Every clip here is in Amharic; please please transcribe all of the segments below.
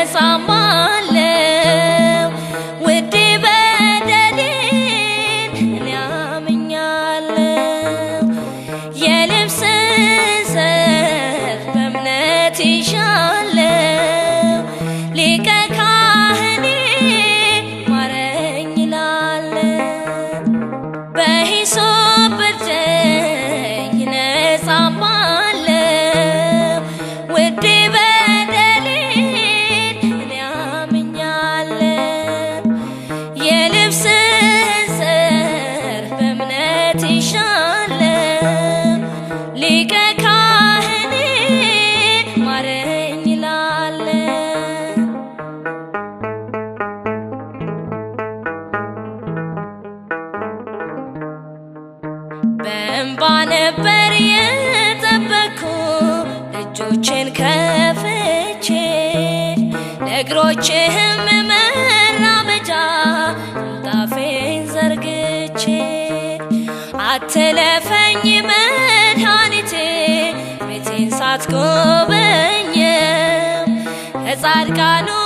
እሳማለው ውዴ የልብስ በእምነት በእንባ ነበር የጠበቅኩ እጆችን ከፍቼ ለእግሮችህም መራመጃ ጣፌን ዘርግቼ አትለፈኝ መድኃኒቴ ቤቴን ሳትጎበኘው ከጻድቃኑ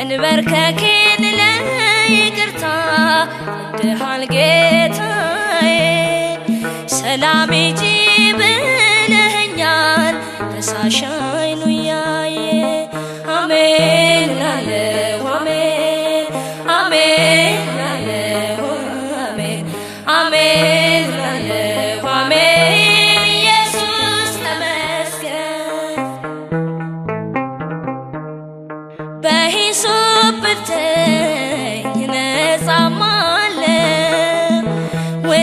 መንበርከኬን ለይቅርታ ድሃል ጌታዬ ሰላም ሂጂ ብለኸኛል ተሳሻይ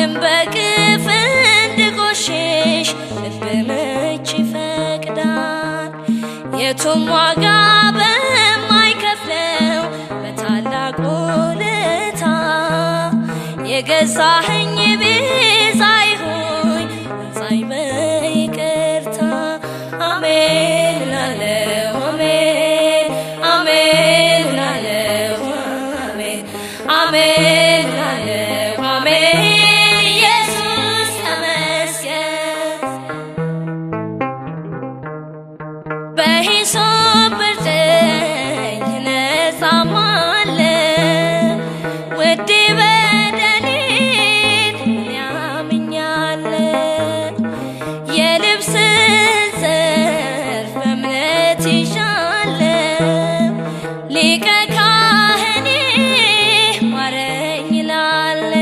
ሁሌም በግፍ እንድቆሽሽ ይፈቅዳል። የቱም ዋጋ በማይከፍለው በታላቅ ውለታ የገዛኸኝ ቤዛ ይሁን እንጻኝ በይቅርታ አሜን ላለው አሜን አሜን ላለው አሜን አሜን ላለው ሳማለ ወዴ በደሌት ያምኛለ የልብስ ዘርፍ እምነት ይሻለ ሊቀ ካህኔ ማረኝ ይላለ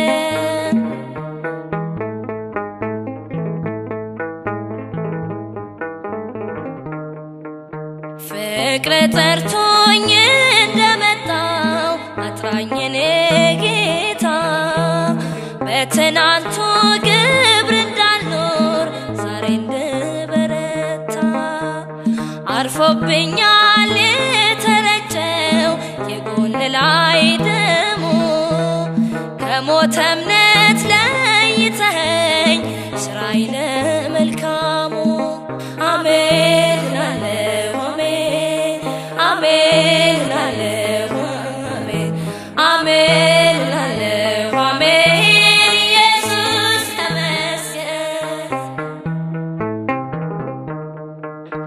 ፍቅረ ጠርቶኝ የሰራኝን ጌታ በትናንቱ ግብር እንዳልኖር ዛሬ እንድበረታ አርፎብኛል የተረጨው የጎን ላይ ደሙ እምነት ለይተኸኝ ስራይነ መልካሙ አሜን አለው አሜን አሜን